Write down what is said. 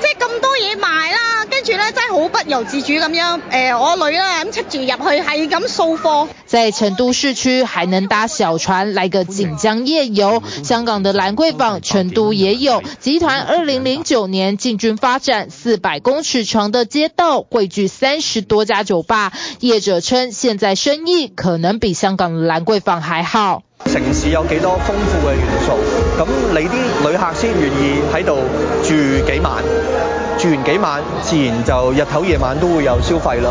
即係咁多嘢賣啦，跟住咧真係好不由自主咁樣，誒、呃、我女啦咁出住入去係咁掃貨。在成都市區還能搭小船來個錦江夜遊，香港的蘭桂坊，成都也有。集團二零零九年進軍發展四百公尺長的街道，匯聚三十多家酒吧。業者稱，現在生意可能比香港的蘭桂坊還好。城市有幾多豐富嘅元素？咁你啲旅客先願意喺度住幾晚，住完幾晚，自然就日頭夜晚都會有消費啦。